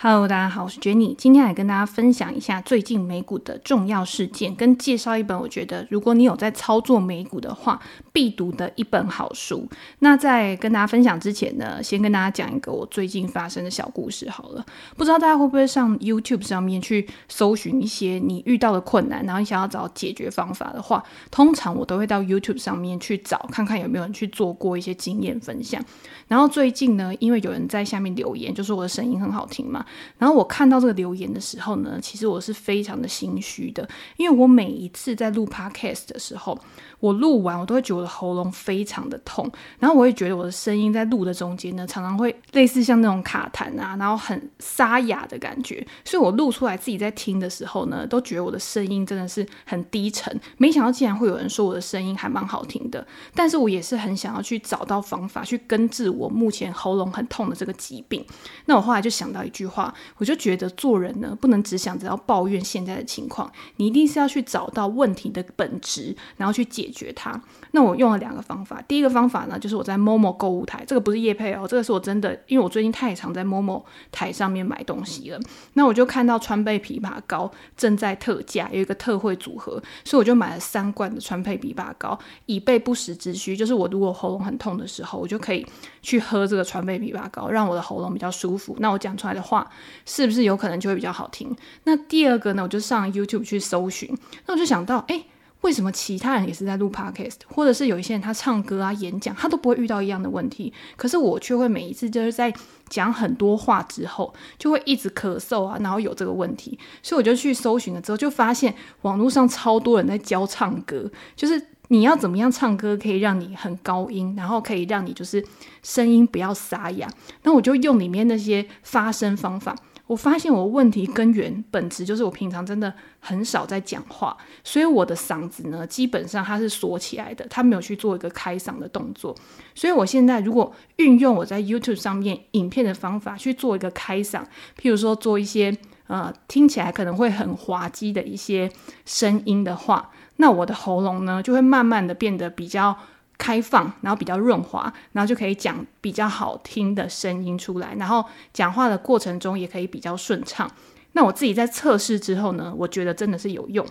Hello，大家好，我是 Jenny，今天來跟大家分享一下最近美股的重要事件，跟介紹一本我覺得如果你有在操作美股的話必讀的一本好書。那在跟大家分享之前呢，先跟大家講一個我最近發生的小故事好了。不知道大家會不會上 YouTube 上面去搜尋一些你遇到的困難，然後你想要找解決方法的話，通常我都會到 YouTube 上面去找，看看有沒有人去做過一些經驗分享。然後最近呢，因為有人在下面留言，就是我的聲音很好聽嘛。然後我看到這個留言的時候呢，其實我是非常的心虛的，因為我每一次在錄 Podcast 的時候，我錄完我都會覺得我的喉嚨非常的痛，然後我也覺得我的聲音在錄的中間呢，常常會類似像那種卡痰啊，然後很沙啞的感覺，所以我錄出來自己在聽的時候呢，都覺得我的聲音真的是很低沉，沒想到竟然會有人說我的聲音還蠻好聽的，但是我也是很想要去找到方法去根治我目前喉嚨很痛的這個疾病，那我後來就想到一句話。我就覺得做人呢，不能只想着要抱怨現在的情況，你一定是要去找到問題的本質，然後去解決它。那我用了兩個方法，第一個方法呢，就是我在 Momo 購物台，這個不是業配哦，這個是我真的，因為我最近太常在 Momo 台上面買東西了。嗯、那我就看到川貝枇杷膏正在特價，有一個特惠組合，所以我就買了三罐的川貝枇杷膏，以備不時之需。就是我如果喉嚨很痛的時候，我就可以去喝這個川貝枇杷膏，讓我的喉嚨比較舒服。那我講出來的話。是不是有可能就會比較好聽？那第二個呢，我就上 YouTube 去搜尋。那我就想到，欸，為什麼其他人也是在錄 Podcast，或者是有一些人他唱歌啊、演講，他都不會遇到一樣的問題，可是我卻會每一次就是在講很多話之後，就會一直咳嗽啊，然後有這個問題。所以我就去搜尋了之後，就發現網絡上超多人在教唱歌，就是。你要怎麼樣唱歌可以讓你很高音，然後可以讓你就是聲音不要沙啞。那我就用裡面那些發聲方法，我發現我問題根源本質就是我平常真的很少在講話，所以我的嗓子呢基本上它是鎖起來的，它沒有去做一個開嗓的動作。所以我現在如果運用我在 YouTube 上面影片的方法去做一個開嗓，譬如說做一些呃聽起來可能會很滑稽的一些聲音的話。那我的喉嚨呢，就會慢慢的變得比較開放，然後比較潤滑，然後就可以講比較好聽的聲音出來，然後講話的過程中也可以比較順暢。那我自己在測試之後呢，我覺得真的是有用。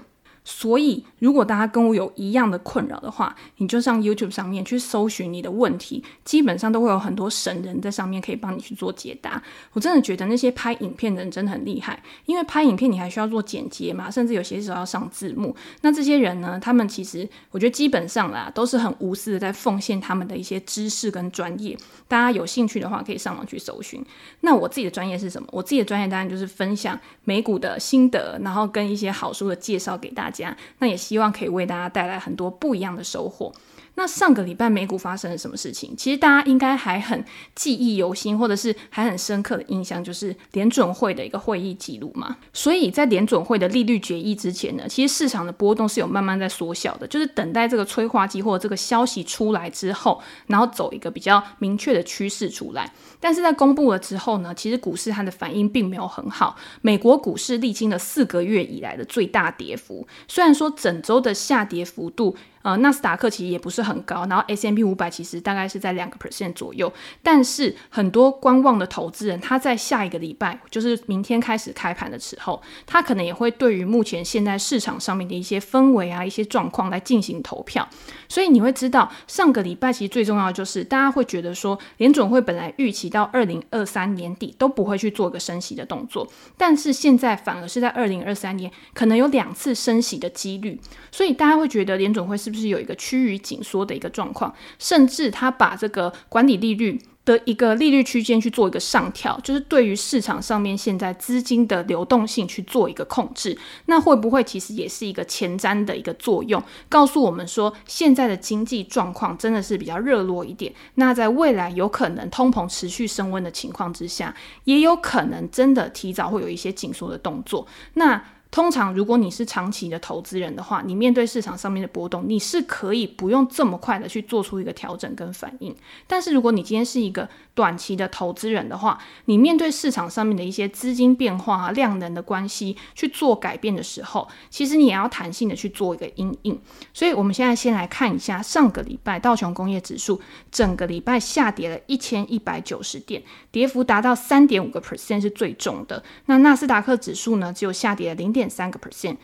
所以，如果大家跟我有一樣的困擾的話，你就上 YouTube 上面去搜尋你的問題，基本上都會有很多神人在上面可以幫你去做解答。我真的覺得那些拍影片的人真的很厲害，因為拍影片你還需要做剪接嘛，甚至有些時候要上字幕。那這些人呢，他們其實我覺得基本上啦，都是很無私的在奉獻他們的一些知識跟專業。大家有興趣的話，可以上網去搜尋。那我自己的專業是什麼？我自己的專業當然就是分享美股的心得，然後跟一些好書的介紹給大家。那也希望可以為大家帶來很多不一樣的收穫。那上個禮拜美股發生了什麼事情？其實大家應該還很記憶猶新，或者是還很深刻的印象，就是聯準會的一個會議記錄嘛。所以在聯準會的利率決議之前呢，其實市場的波動是有慢慢在縮小的，就是等待這個催化劑或者這個消息出來之後，然後走一個比較明確的趨勢出來。但是在公布了之後呢，其實股市它的反應並沒有很好。美國股市歷經了四個月以來的最大跌幅，雖然說整周的下跌幅度。呃，納斯達克其實也不是很高，然後 S M P 五百其實大概是在兩個 percent 左右。但是很多觀望的投資人，他在下一個禮拜，就是明天開始開盤的時候，他可能也會對於目前現在市場上面的一些氛圍啊、一些狀況來進行投票。所以你會知道，上個禮拜其實最重要的就是大家會覺得說，聯準會本來預期到二零二三年底都不會去做個升息的動作，但是現在反而是在二零二三年可能有兩次升息的幾率。所以大家會覺得聯準會是不是？就是有一個趨於緊縮的一個狀況，甚至他把這個管理利率的一個利率區間去做一個上調，就是對於市場上面現在資金的流動性去做一個控制。那會不會其實也是一個前瞻的一個作用？告訴我們說現在的經濟狀況真的是比較熱絡一點。那在未來有可能通膨持續升溫的情況之下，也有可能真的提早會有一些緊縮的動作。那通常，如果你是長期的投資人的話，你面對市場上面的波動，你是可以不用這麼快的去做出一個調整跟反應。但是，如果你今天是一個短期的投資人的話，你面對市場上面的一些資金變化啊、量能的關係去做改變的時候，其實你也要彈性的去做一個因應。所以，我們現在先來看一下上個禮拜道瓊工業指數整個禮拜下跌了一千一百九十點，跌幅達到三點五個 percent 是最重的。那納斯達克指數呢，只有下跌了零點三個 percent，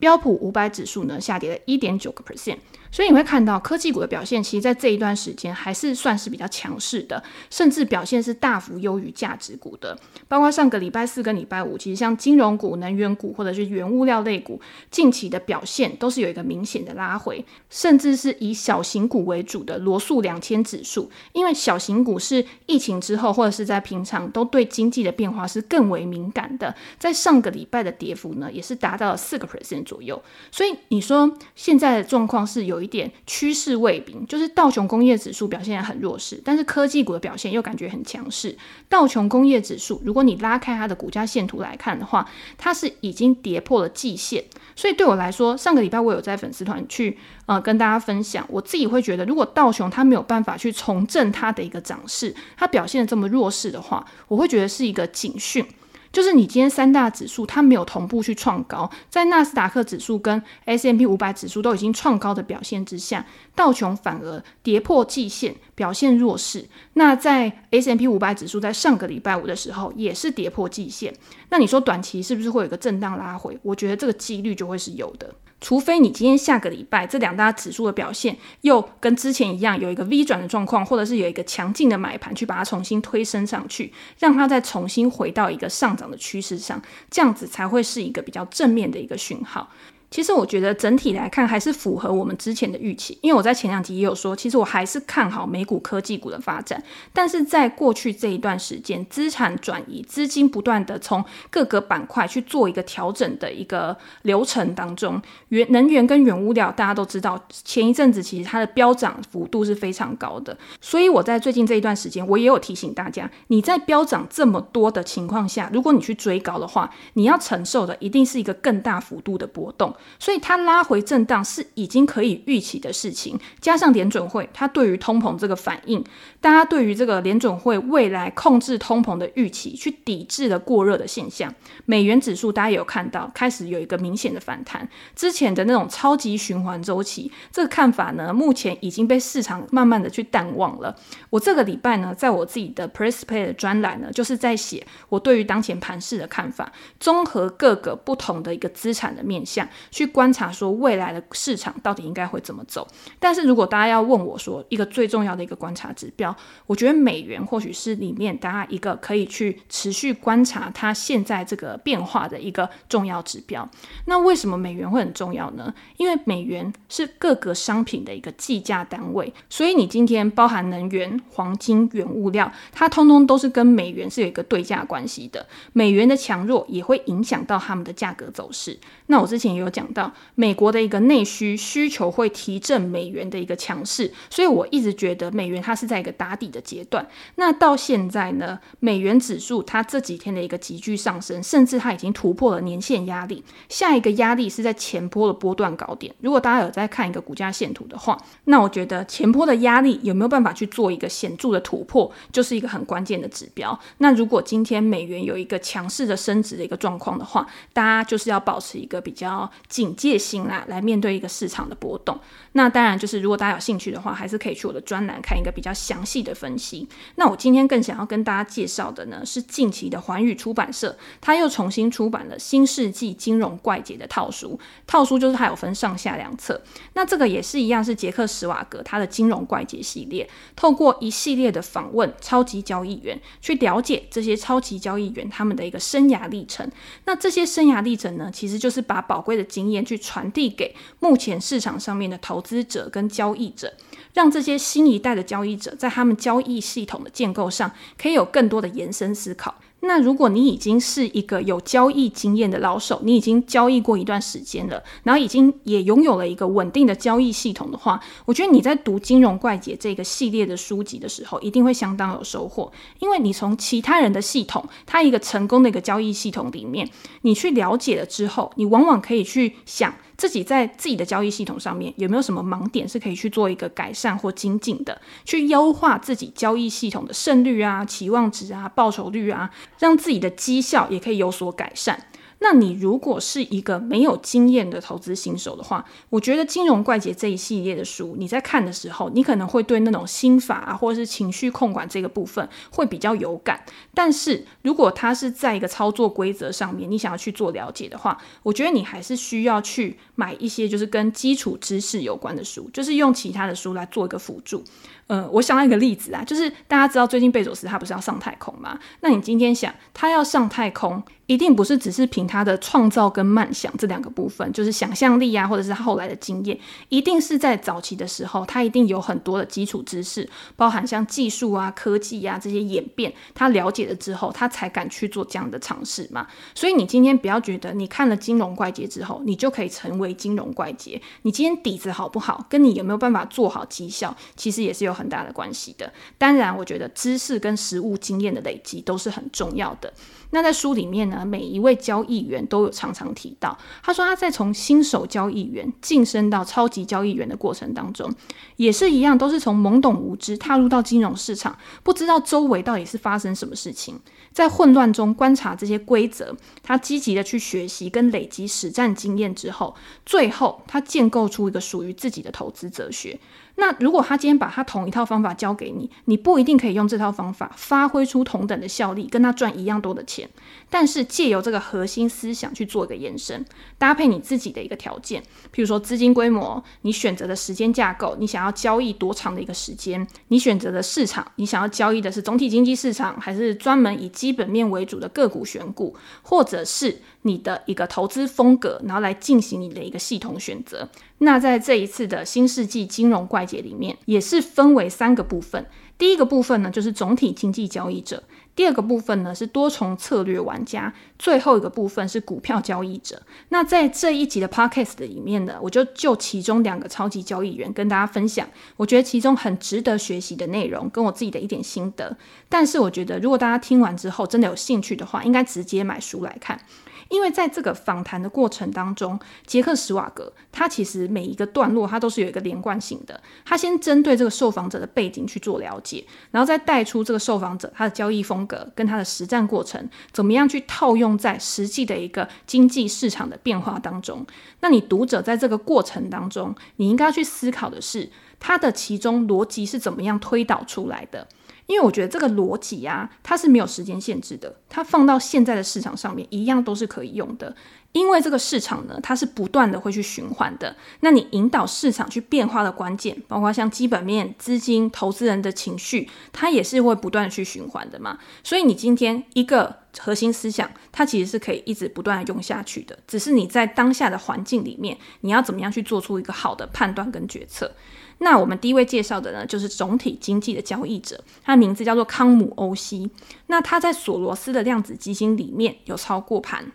標普五百指數呢，下跌了一點九個 percent。所以你會看到科技股的表現，其實，在這一段時間還是算是比較強勢的，甚至表現是大幅優於價值股的。包括上個禮拜四跟禮拜五，其實像金融股、能源股或者是原物料類股，近期的表現都是有一個明顯的拉回，甚至是以小型股為主的羅素兩千指數，因為小型股是疫情之後或者是在平常都對經濟的變化是更為敏感的，在上個禮拜的跌幅呢，也是達到了四個 percent 左右。所以你說現在的狀況是有。一點趨勢未明，就是道瓊工業指數表現很弱勢，但是科技股的表現又感覺很強勢。道瓊工業指數，如果你拉開它的股價線圖來看的話，它是已經跌破了季線，所以對我來說，上個禮拜我有在粉絲團去呃跟大家分享，我自己會覺得，如果道瓊它沒有辦法去重振它的一個漲勢，它表現的這麼弱勢的話，我會覺得是一個警訊。就是你今天三大指數它沒有同步去創高，在納斯達克指數跟 S&P 五百指數都已經創高的表現之下。道瓊反而跌破季線，表現弱勢。那在 S&P 五百指數在上個禮拜五的時候也是跌破季線。那你說短期是不是會有一個震盪拉回？我覺得這個幾率就會是有的。除非你今天下個禮拜這兩大指數的表現又跟之前一樣有一個 V 轉的狀況，或者是有一個強勁的買盤去把它重新推升上去，讓它再重新回到一個上漲的趨勢上，這樣子才會是一個比較正面的一個訊號。其實我覺得整體來看還是符合我們之前的預期，因為我在前兩集也有說，其實我還是看好美股科技股的發展。但是在過去這一段時間，資產轉移、資金不斷的從各個板塊去做一個調整的一個流程當中，原能源跟原物料，大家都知道，前一陣子其實它的飆漲幅度是非常高的。所以我在最近這一段時間，我也有提醒大家，你在飆漲這麼多的情況下，如果你去追高的話，你要承受的一定是一個更大幅度的波動。所以它拉回震盪是已經可以預期的事情，加上聯準會它對於通膨這個反應，大家對於這個聯準會未來控制通膨的預期，去抵制了過熱的現象。美元指數大家有看到，開始有一個明顯的反彈，之前的那種超級循環週期這個看法呢，目前已經被市場慢慢的去淡忘了。我這個禮拜呢，在我自己的 PressPlay 的專欄呢，就是在寫我對於當前盤勢的看法，綜合各個不同的一個資產的面向。去觀察說未來的市場到底應該會怎麼走，但是如果大家要問我說一個最重要的一個觀察指標，我覺得美元或許是裡面大家一個可以去持續觀察它現在這個變化的一個重要指標。那為什麼美元會很重要呢？因為美元是各個商品的一個計價單位，所以你今天包含能源、黃金、原物料，它通通都是跟美元是有一個對價關係的。美元的強弱也會影響到它們的價格走勢。那我之前也有講過。到美國的一個內需需求會提振美元的一個強勢，所以我一直覺得美元它是在一個打底的階段。那到現在呢，美元指數它這幾天的一個急劇上升，甚至它已經突破了年線壓力。下一個壓力是在前波的波段高點。如果大家有在看一個股價線圖的話，那我覺得前波的壓力有沒有辦法去做一個顯著的突破，就是一個很關鍵的指標。那如果今天美元有一個強勢的升值的一個狀況的話，大家就是要保持一個比較警戒心啦，來面對一個市場的波動。那當然，就是如果大家有興趣的話，還是可以去我的專欄看一個比較詳細的分析。那我今天更想要跟大家介紹的呢，是近期的寰宇出版社，他又重新出版了《新世紀金融怪傑》的套書。套書就是它有分上下兩冊。那這個也是一樣，是傑克·史瓦格他的《金融怪傑》系列，透過一系列的訪問超級交易員，去了解這些超級交易員他們的一個生涯歷程。那這些生涯歷程呢，其實就是把寶貴的經言去傳遞給目前市場上面的投資者跟交易者，讓這些新一代的交易者在他們交易系統的建構上，可以有更多的延伸思考。那如果你已經是一個有交易經驗的老手，你已經交易過一段時間了，然後已經也擁有了一個穩定的交易系統的話，我覺得你在讀《金融怪傑》這個系列的書籍的時候，一定會相當有收穫，因為你從其他人的系統，他一個成功的一個交易系統裡面，你去了解了之後，你往往可以去想。自己在自己的交易系統上面有沒有什麼盲點是可以去做一個改善或精進的，去優化自己交易系統的勝率啊、期望值啊、報酬率啊，讓自己的績效也可以有所改善。那你如果是一個沒有經驗的投資新手的話，我覺得《金融怪傑》這一系列的書，你在看的時候，你可能會對那種心法啊，或者是情緒控管這個部分會比較有感。但是如果它是在一個操作規則上面，你想要去做了解的話，我覺得你還是需要去買一些就是跟基礎知識有關的書，就是用其他的書來做一個輔助。呃，我想到一個例子啊，就是大家知道最近貝佐斯他不是要上太空嗎？那你今天想他要上太空，一定不是只是憑他的創造跟夢想這兩個部分，就是想象力啊，或者是他後來的經驗，一定是在早期的時候，他一定有很多的基礎知識，包含像技術啊、科技啊這些演變，他了解了之後，他才敢去做這樣的嘗試嘛。所以你今天不要覺得你看了《金融怪傑》之後，你就可以成為《金融怪傑》。你今天底子好不好，跟你有沒有辦法做好績效，其實也是有。有很大的關係的，當然，我覺得知識跟實務經驗的累積都是很重要的。那在書裡面呢，每一位交易員都有常常提到，他說他在從新手交易員晉升到超級交易員的過程當中，也是一樣，都是從懵懂無知踏入到金融市場，不知道周圍到底是發生什麼事情，在混亂中觀察這些規則，他積極的去學習跟累積實戰經驗之後，最後他建構出一個屬於自己的投資哲學。那如果他今天把他同一套方法教給你，你不一定可以用這套方法發揮出同等的效力，跟他賺一樣多的錢。但是借由這個核心思想去做一個延伸，搭配你自己的一個條件，譬如說資金規模、你選擇的時間架構、你想要交易多長的一個時間、你選擇的市場、你想要交易的是總體經濟市場還是專門以基本面為主的個股選股，或者是你的一個投資風格，然後來進行你的一個系統選擇。那在這一次的新世紀金融怪傑裡面，也是分為三個部分。第一個部分呢，就是總體經濟交易者。第二個部分呢，是多重策略玩家，最後一個部分是股票交易者。那在這一集的 podcast 裡面呢，我就就其中兩個超級交易員跟大家分享。我覺得其中很值得學習的內容，跟我自己的一點心得。但是我覺得如果大家聽完之後真的有興趣的話，應該直接買書來看。因為在這個訪談的過程當中，傑克·史瓦格他其實每一個段落他都是有一個連貫性的。他先針對這個受訪者的背景去做了解，然後再帶出這個受訪者他的交易風格跟他的實戰過程，怎麼樣去套用在實際的一個經濟市場的變化當中。那你讀者在這個過程當中，你應該去思考的是他的其中邏輯是怎麼樣推導出來的。因為我覺得這個邏輯啊，它是沒有時間限制的，它放到現在的市場上面一樣都是可以用的。因為這個市場呢，它是不斷的會去循環的。那你引導市場去變化的關鍵，包括像基本面、資金、投資人的情緒，它也是會不斷地去循環的嘛。所以你今天一個核心思想，它其實是可以一直不斷的用下去的。只是你在當下的環境裡面，你要怎麼樣去做出一個好的判斷跟決策。那我們第一位介紹的呢，就是總體經濟的交易者，他的名字叫做康姆·歐西。那他在索羅斯的量子基金裡面有操過盤。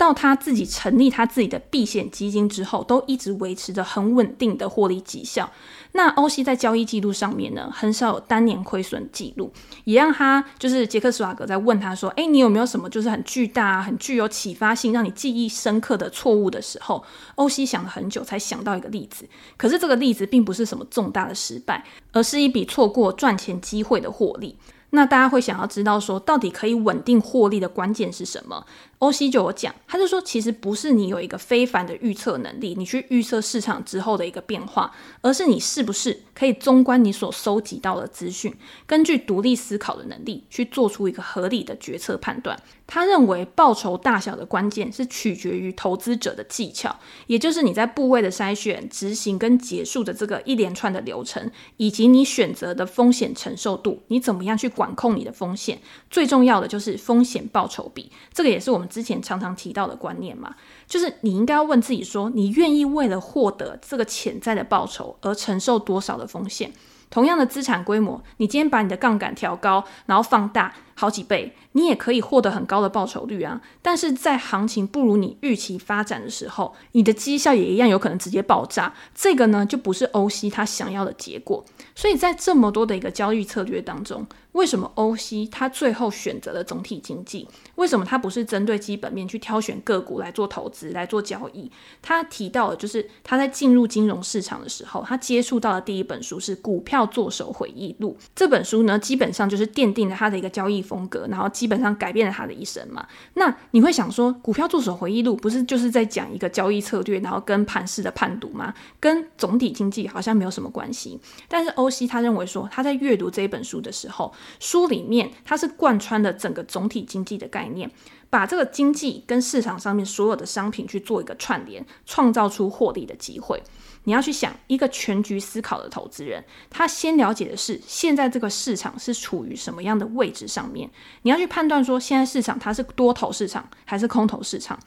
到他自己成立他自己的避險基金之後，都一直維持着很穩定的獲利績效。那歐西在交易記錄上面呢，很少有單年虧損記錄，也讓他就是傑克史瓦格在問他說：“誒，你有沒有什麼就是很巨大、很具有啟發性、讓你記憶深刻的錯誤的時候？”歐西想了很久才想到一個例子，可是這個例子並不是什麼重大的失敗，而是一筆錯過賺錢機會的獲利。那大家會想要知道說，到底可以穩定獲利的關鍵是什麼？O.C. 就有講，他就說，其實不是你有一個非凡的預測能力，你去預測市場之後的一個變化，而是你是不是可以綜觀你所收集到的資訊，根據獨立思考的能力去做出一個合理的決策判斷。他認為報酬大小的關鍵是取決於投資者的技巧，也就是你在部位的篩選、執行跟結束的這個一連串的流程，以及你選擇的風險承受度，你怎麼樣去管控你的風險。最重要的就是風險報酬比，這個也是我們。之前常常提到的觀念嘛，就是你應該要問自己說，你願意為了獲得這個潛在的報酬而承受多少的風險？同樣的資產規模，你今天把你的槓桿調高，然後放大好幾倍，你也可以獲得很高的報酬率啊。但是在行情不如你預期發展的時候，你的績效也一樣有可能直接爆炸。這個呢，就不是 OC 他想要的結果。所以在這麼多的一個交易策略當中，為什麼歐西他最後選擇了總體經濟？為什麼他不是針對基本面去挑選個股來做投資、來做交易？他提到的就是他在進入金融市場的時候，他接觸到的第一本書是《股票作手回憶錄》這本書呢，基本上就是奠定了他的一個交易風格，然後基本上改變了他的一生嘛。那你會想說，《股票作手回憶錄》不是就是在講一個交易策略，然後跟盤勢的判讀嗎？跟總體經濟好像沒有什麼關係。但是歐。西他認為說，他在閱讀這本書的時候，書裡面他是貫穿了整個總體經濟的概念，把這個經濟跟市場上面所有的商品去做一個串聯，創造出獲利的機會。你要去想一個全局思考的投資人，他先了解的是現在這個市場是處於什麼樣的位置上面。你要去判斷說現在市場它是多頭市場還是空頭市場，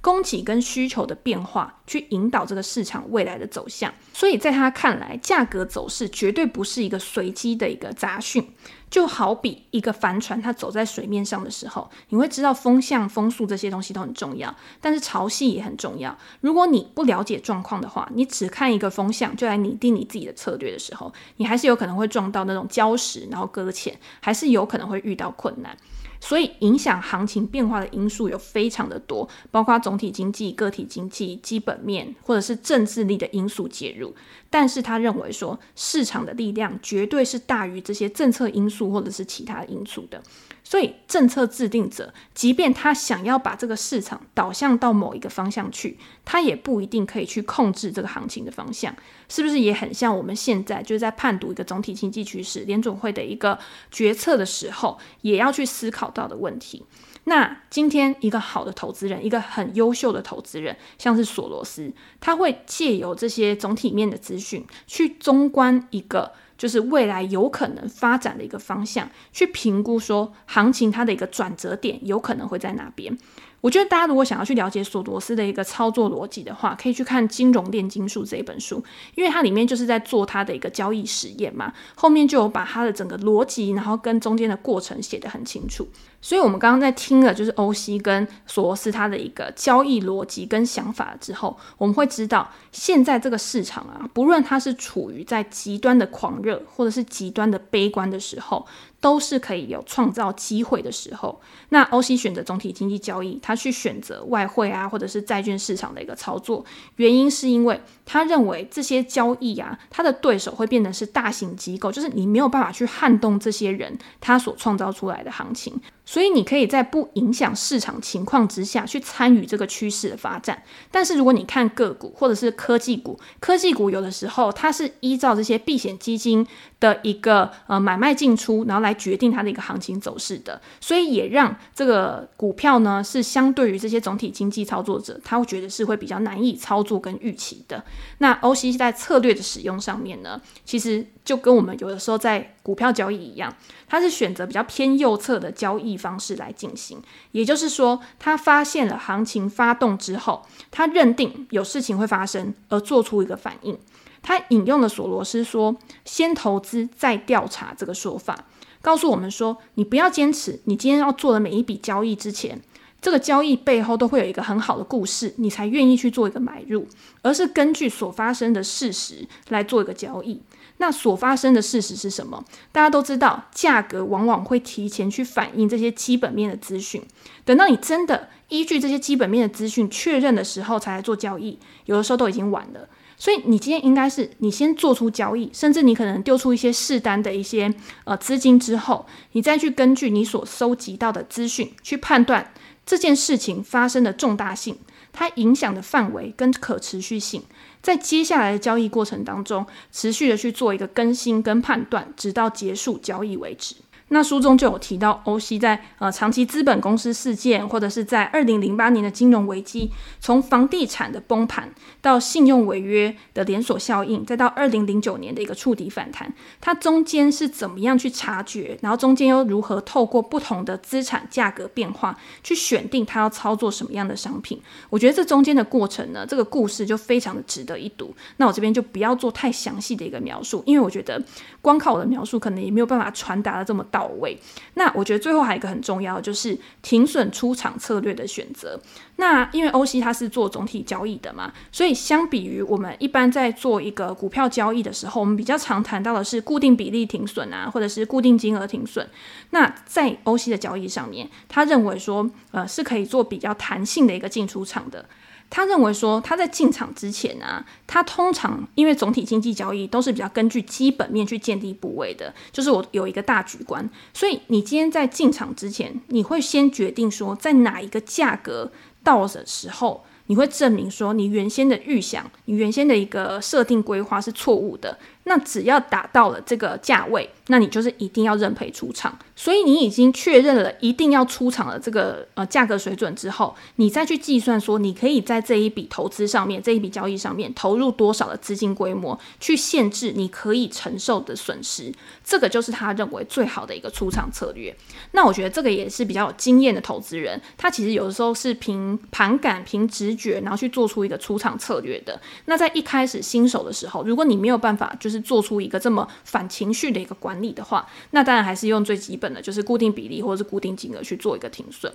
供給跟需求的變化去引導這個市場未來的走向。所以在他看來，價格走勢絕對不是一個隨機的一個雜訊。就好比一個帆船它走在水面上的時候，你會知道風向、風速這些東西都很重要，但是潮汐也很重要。如果你不了解狀況的話，你只看。看一個風向就來擬定你自己的策略的時候，你還是有可能會撞到那種礁石，然後擱淺，還是有可能會遇到困難。所以影響行情變化的因素有非常的多，包括總體經濟、個體經濟、基本面，或者是政治力的因素介入。但是他認為說，市場的力量絕對是大於這些政策因素或者是其他因素的。所以，政策制定者即便他想要把這個市場導向到某一個方向去，他也不一定可以去控制這個行情的方向，是不是？也很像我們現在就是在判讀一個總體經濟趨勢、聯準會的一個決策的時候，也要去思考到的問題。那今天一個好的投資人，一個很優秀的投資人，像是索羅斯，他會借由這些總體面的資訊去綜觀一個。就是未來有可能發展的一個方向，去評估說行情它的一個轉折點有可能會在哪邊。我覺得大家如果想要去了解索羅斯的一個操作邏輯的話，可以去看《金融煉金術》這一本書，因為它裡面就是在做它的一個交易實驗嘛，後面就有把它的整個邏輯，然後跟中間的過程寫得很清楚。所以，我們剛剛在聽了就是歐西跟索羅斯他的一個交易邏輯跟想法之後，我們會知道，現在這個市場啊，不論它是處於在極端的狂熱，或者是極端的悲觀的時候，都是可以有創造機會的時候。那歐西選擇總體經濟交易，他去選擇外匯啊，或者是債券市場的一個操作，原因是因為他認為這些交易啊，他的對手會變成是大型機構，就是你沒有辦法去撼動這些人他所創造出來的行情。所以你可以在不影響市場情況之下去參與這個趨勢的發展，但是如果你看個股或者是科技股，科技股有的時候它是依照這些避險基金的一個呃買賣進出，然後來決定它的一個行情走勢的，所以也讓這個股票呢是相對於這些總體經濟操作者，他會覺得是會比較難以操作跟預期的。那 OC 在策略的使用上面呢，其實就跟我們有的時候在。股票交易一樣，他是選擇比較偏右側的交易方式來進行。也就是說，他發現了行情發動之後，他認定有事情會發生，而做出一個反應。他引用了索羅斯說“先投資再調查”這個說法，告訴我們說：你不要堅持你今天要做的每一筆交易之前，這個交易背後都會有一個很好的故事，你才願意去做一個買入，而是根據所發生的事實來做一個交易。那所發生的事實是什麼？大家都知道，價格往往會提前去反映這些基本面的資訊。等到你真的依據這些基本面的資訊確認的時候，才來做交易，有的時候都已經晚了。所以，你今天應該是你先做出交易，甚至你可能丟出一些適當的一些呃資金之後，你再去根據你所收集到的資訊去判斷這件事情發生的重大性、它影響的範圍跟可持續性。在接下來的交易過程當中，持續的去做一個更新跟判斷，直到結束交易為止。那書中就有提到，歐西在呃長期資本公司事件，或者是在二零零八年的金融危機，從房地產的崩盤到信用違約的連鎖效應，再到二零零九年的一個觸底反彈，它中間是怎麼樣去察覺，然後中間又如何透過不同的資產價格變化去選定它要操作什麼樣的商品？我覺得這中間的過程呢，這個故事就非常的值得一讀。那我這邊就不要做太詳細的一個描述，因為我覺得光靠我的描述可能也沒有辦法傳達得這麼到到位。那我覺得最後還有一個很重要，就是停損出場策略的選擇。那因為歐西他是做總體交易的嘛，所以相比於我們一般在做一個股票交易的時候，我們比較常談到的是固定比例停損啊，或者是固定金額停損。那在歐西的交易上面，他認為說，呃，是可以做比較彈性的一個進出場的。他認為說，他在進場之前啊，他通常因為總體經濟交易都是比較根據基本面去建立部位的，就是我有一個大局觀，所以你今天在進場之前，你會先決定說在哪一個價格到的時候，你會證明說你原先的預想，你原先的一個設定規劃是錯誤的。那只要達到了這個價位，那你就是一定要認賠出場。所以你已經確認了一定要出場的這個呃價格水準之後，你再去計算說你可以在這一筆投資上面、這一筆交易上面投入多少的資金規模，去限制你可以承受的損失。這個就是他認為最好的一個出場策略。那我覺得這個也是比較有經驗的投資人，他其實有的時候是憑盤感、憑直覺，然後去做出一個出場策略的。那在一開始新手的時候，如果你沒有辦法就是是做出一個這麼反情緒的一個管理的話，那當然還是用最基本的，就是固定比例或者是固定金額去做一個停損。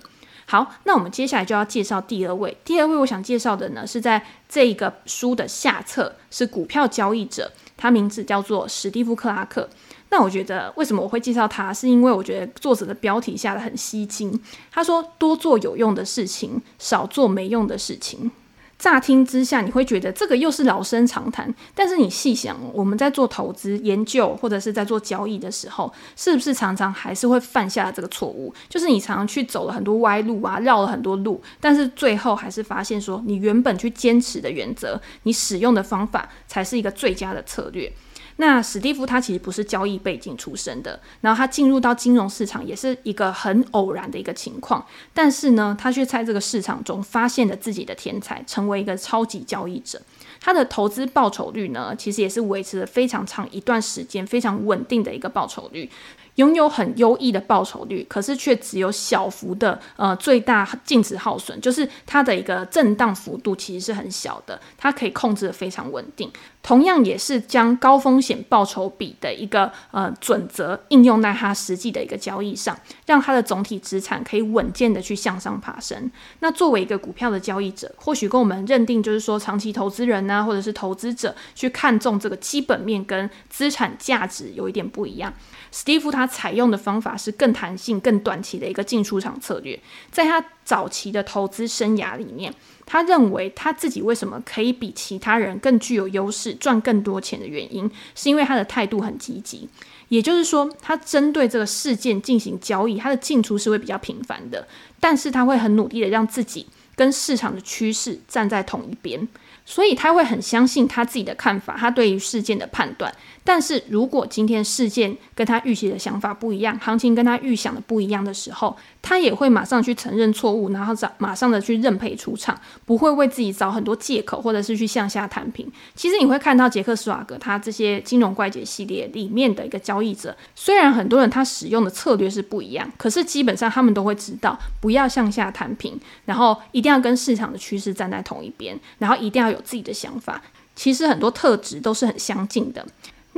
好，那我們接下來就要介紹第二位，第二位我想介紹的呢是在這一個書的下冊是股票交易者，他名字叫做史蒂夫·克拉克。那我覺得為什麼我會介紹他，是因為我覺得作者的標題下得很吸睛，他說多做有用的事情，少做沒用的事情。乍聽之下，你會覺得這個又是老生常談，但是你細想，我們在做投資研究或者是在做交易的時候，是不是常常還是會犯下這個錯誤？就是你常常去走了很多歪路啊，繞了很多路，但是最後還是發現說，你原本去堅持的原則，你使用的方法才是一個最佳的策略。那史蒂夫他其實不是交易背景出身的，然後他進入到金融市場也是一個很偶然的一個情況，但是呢，他卻在這個市場中發現了自己的天才，成為一個超級交易者。他的投資報酬率呢，其實也是維持了非常長一段時間，非常穩定的一個報酬率，擁有很優異的報酬率，可是卻只有小幅的呃最大淨值耗損，就是他的一個震盪幅度其實是很小的，它可以控制得非常穩定。同樣也是將高風險報酬比的一個呃準則應用在它實際的一個交易上，讓它的總體資產可以穩健的去向上爬升。那作為一個股票的交易者，或許跟我們認定就是說長期投資人呢、啊，或者是投資者去看重這個基本面跟資產價值有一點不一樣。史蒂夫他採用的方法是更彈性、更短期的一個進出場策略，在他早期的投資生涯裡面，他認為他自己為什麼可以比其他人更具有優勢、賺更多錢的原因，是因為他的態度很積極。也就是說，他針對這個事件進行交易，他的進出是會比較頻繁的，但是他會很努力的讓自己跟市場的趨勢站在同一邊，所以他會很相信他自己的看法，他對於事件的判斷。但是如果今天事件跟他預期的想法不一樣，行情跟他預想的不一樣的時候，他也會馬上去承認錯誤，然後找馬上的去認賠出場，不會為自己找很多借口，或者是去向下攤平。其實你會看到傑克·斯瓦格他這些金融怪傑系列裡面的一個交易者，雖然很多人他使用的策略是不一樣，可是基本上他們都會知道不要向下攤平，然後一定要跟市場的趨勢站在同一邊，然後一定要有自己的想法。其實很多特質都是很相近的。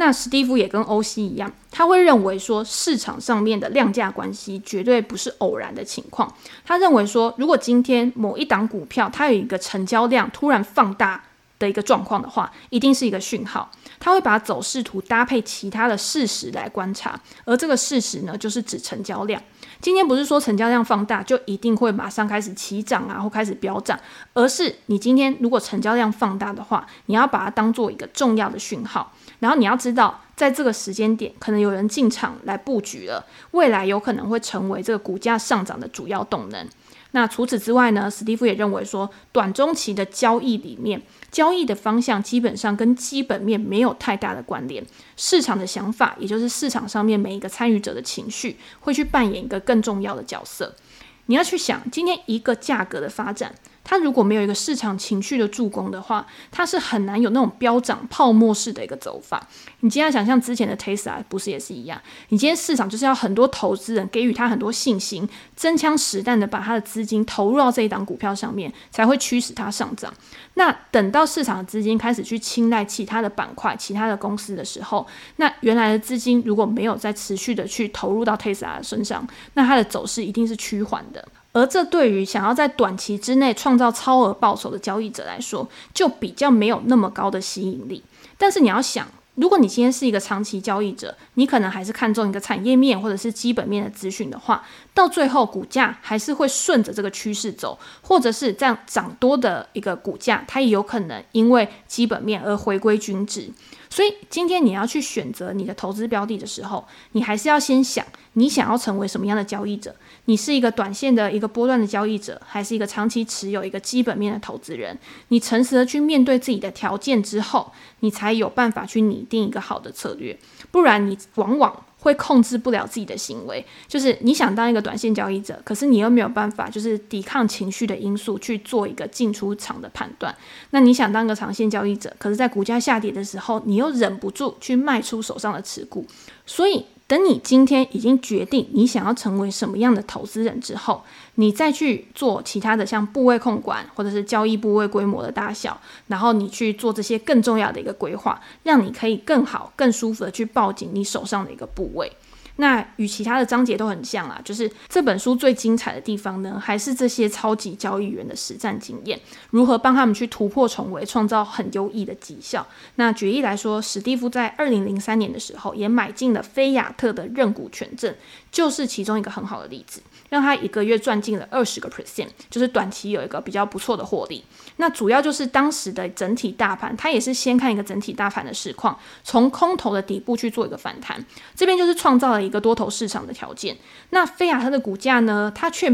那史蒂夫也跟歐西一樣，他會認為說市場上面的量價關係絕對不是偶然的情況。他認為說，如果今天某一檔股票它有一個成交量突然放大的一個狀況的話，一定是一個訊號。他會把走勢圖搭配其他的事實來觀察，而這個事實呢，就是指成交量。今天不是說成交量放大就一定會馬上開始起漲啊，或開始飆漲，而是你今天如果成交量放大的話，你要把它當做一個重要的訊號。然後你要知道，在這個時間點，可能有人進場來布局了，未來有可能會成為這個股價上漲的主要動能。那除此之外呢，史蒂夫也認為說，短中期的交易裡面，交易的方向基本上跟基本面沒有太大的關聯，市場的想法，也就是市場上面每一個參與者的情緒，會去扮演一個更重要的角色。你要去想，今天一個價格的發展。它如果沒有一個市場情緒的助攻的話，它是很難有那種飆漲泡沫式的一個走法。你今天想像之前的 Tesla 不是也是一樣？你今天市場就是要很多投資人給予它很多信心，真槍實彈的把它的資金投入到這一檔股票上面，才會驅使它上漲。那等到市場的資金開始去青睞其他的板塊、其他的公司的時候，那原來的資金如果沒有再持續的去投入到 Tesla 身上，那它的走勢一定是趨緩的。而這對於想要在短期之內創造超額報酬的交易者來說，就比較沒有那麼高的吸引力。但是你要想，如果你今天是一個長期交易者，你可能還是看重一個產業面或者是基本面的資訊的話，到最後股價還是會順着這個趨勢走，或者是這樣漲多的一個股價，它也有可能因為基本面而回歸均值。所以今天你要去選擇你的投資標的的時候，你還是要先想你想要成為什麼樣的交易者。你是一個短線的一個波段的交易者，還是一個長期持有一個基本面的投資人？你誠實的去面對自己的條件之後，你才有辦法去擬定一個好的策略。不然，你往往會控制不了自己的行為。就是你想當一個短線交易者，可是你又沒有辦法，就是抵抗情緒的因素去做一個進出場的判斷。那你想當個長線交易者，可是在股價下跌的時候，你又忍不住去賣出手上的持股，所以。等你今天已經決定你想要成為什麼樣的投資人之後，你再去做其他的像部位控管，或者是交易部位規模的大小，然後你去做這些更重要的一個規劃，讓你可以更好、更舒服的去抱緊你手上的一個部位。那與其他的章節都很像啦，就是這本書最精彩的地方呢，還是這些超級交易員的實戰經驗，如何幫他們去突破重圍，創造很優異的績效。那舉例來說，史蒂夫在二零零三年的時候也買進了菲亞特的認股權證，就是其中一個很好的例子。讓他一個月賺進了二十個 percent，就是短期有一個比較不錯的獲利。那主要就是當時的整體大盤，他也是先看一個整體大盤的市況，從空頭的底部去做一個反彈，這邊就是創造了一個多頭市場的條件。那菲亞特的股價呢，它卻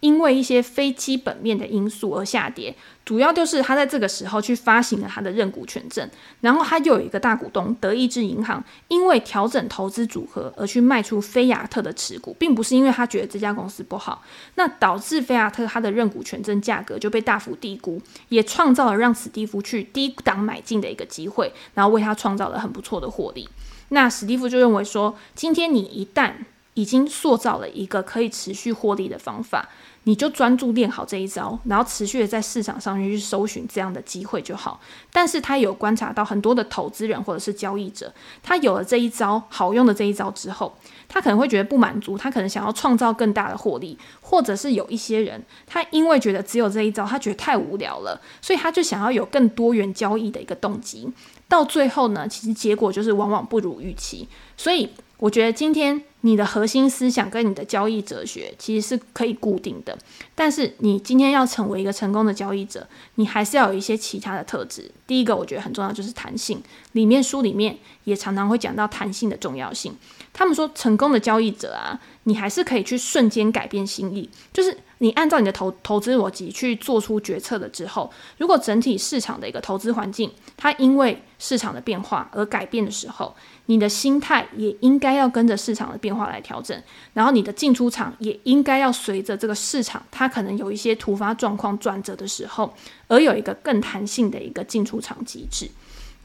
因為一些非基本面的因素而下跌，主要就是他在這個時候去發行了他的認股權證，然後他又有一個大股東德意志銀行，因為調整投資組合而去賣出菲亞特的持股，並不是因為他覺得這家公司不好，那導致菲亞特他的認股權證價格就被大幅低估，也創造了讓史蒂夫去低檔買進的一個機會，然後為他創造了很不錯的獲利。那史蒂夫就認為說，今天你一旦已經塑造了一個可以持續獲利的方法。你就專注練好這一招，然後持續的在市場上去去搜尋這樣的機會就好。但是他有觀察到很多的投資人或者是交易者，他有了這一招好用的這一招之後，他可能會覺得不滿足，他可能想要創造更大的獲利，或者是有一些人他因為覺得只有這一招，他覺得太無聊了，所以他就想要有更多元交易的一個動機。到最後呢，其實結果就是往往不如預期。所以我覺得今天。你的核心思想跟你的交易哲學其實是可以固定的，但是你今天要成為一個成功的交易者，你還是要有一些其他的特質。第一個，我覺得很重要就是彈性，裡面書裡面也常常會講到彈性的重要性。他們說，成功的交易者啊，你還是可以去瞬間改變心意，就是。你按照你的投投資邏輯去做出決策了之後，如果整體市場的一個投資環境，它因為市場的變化而改變的時候，你的心態也應該要跟着市場的變化來調整，然後你的進出場也應該要隨着這個市場，它可能有一些突發狀況轉折的時候，而有一個更彈性的一個進出場機制。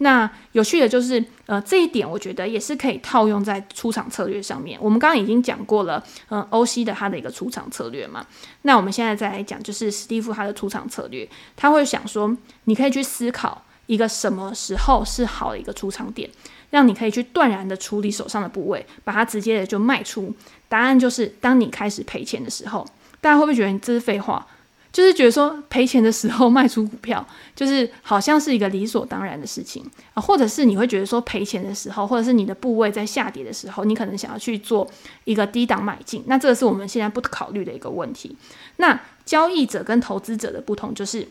那有趣的就是，呃，這一點我覺得也是可以套用在出場策略上面。我們剛剛已經講過了，嗯、呃，OC 的他的一個出場策略嘛。那我們現在再來講，就是史蒂夫他的出場策略，他會想說，你可以去思考一個什麼時候是好的一個出場點，讓你可以去斷然的處理手上的部位，把它直接的就賣出。答案就是，當你開始賠錢的時候，大家會不會覺得你這是廢話？就是覺得說賠錢的時候賣出股票，就是好像是一個理所當然的事情啊，或者是你會覺得說賠錢的時候，或者是你的部位在下跌的時候，你可能想要去做一個低檔買進，那這個是我們現在不考慮的一個問題。那交易者跟投資者的不同，就是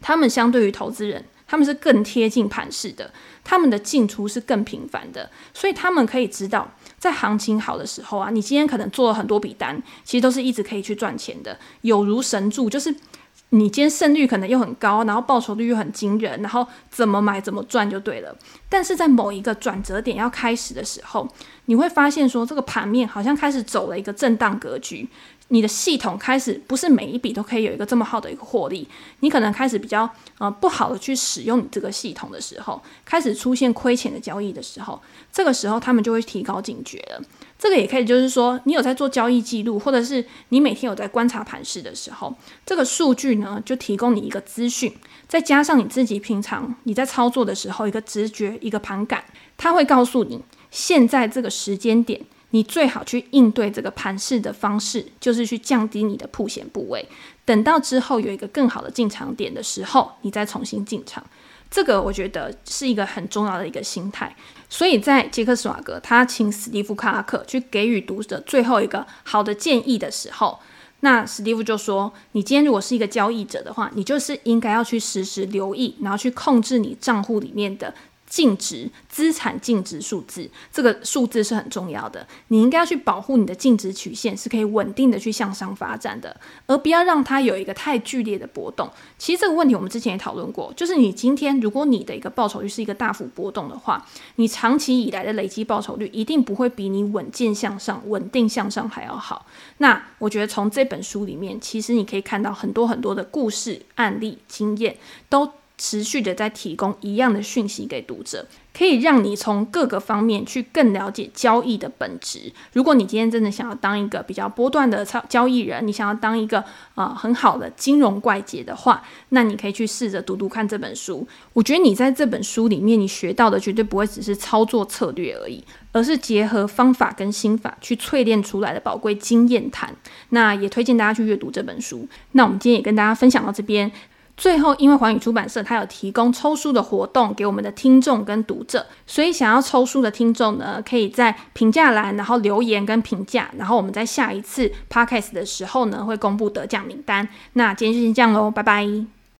他們相對於投資人，他們是更貼近盤勢的，他們的進出是更頻繁的，所以他們可以知道。在行情好的時候啊，你今天可能做了很多筆單，其實都是一直可以去賺錢的，有如神助。就是你今天勝率可能又很高，然後報酬率又很驚人，然後怎麼買怎麼賺就對了。但是在某一個轉折點要開始的時候，你會發現說這個盤面好像開始走了一個震盪格局。你的系統開始不是每一筆都可以有一個這麼好的一個獲利，你可能開始比較呃不好的去使用你這個系統的時候，開始出現虧錢的交易的時候，這個時候他們就會提高警覺了。這個也可以就是說，你有在做交易記錄，或者是你每天有在觀察盤勢的時候，這個數據呢就提供你一個資訊，再加上你自己平常你在操作的時候一個直覺一個盤感，它會告訴你現在這個時間點。你最好去應對這個盤勢的方式，就是去降低你的曝險部位，等到之後有一個更好的進場點的時候，你再重新進場。這個我覺得是一個很重要的一個心態。所以在傑克斯瓦格他請史蒂夫克拉克去給予讀者最後一個好的建議的時候，那史蒂夫就說：你今天如果是一個交易者的話，你就是應該要去實時留意，然後去控制你賬戶裡面的。淨值，資產淨值數字，這個數字是很重要的。你應該要去保護你的淨值曲線，是可以穩定的去向上發展的，而不要讓它有一個太劇烈的波動。其實這個問題我們之前也討論過，就是你今天如果你的一個報酬率是一個大幅波動的話，你長期以來的累積報酬率一定不會比你穩健向上、穩定向上還要好。那我覺得從這本書裡面，其實你可以看到很多很多的故事、案例、經驗都。持續的在提供一樣的訊息給讀者，可以讓你從各個方面去更了解交易的本質。如果你今天真的想要當一個比較波段的操交易人，你想要當一個啊、呃、很好的金融怪傑的話，那你可以去試着讀讀看這本書。我覺得你在這本書裡面，你學到的絕對不會只是操作策略而已，而是結合方法跟心法去淬煉出來的寶貴經驗談。那也推薦大家去閱讀這本書。那我們今天也跟大家分享到這邊。最後，因為寰宇出版社它有提供抽書的活動給我們的聽眾跟讀者，所以想要抽書的聽眾呢，可以在評價欄然後留言跟評價，然後我們在下一次 podcast 的時候呢，會公布得獎名單。那今天就先這樣嘍，拜拜。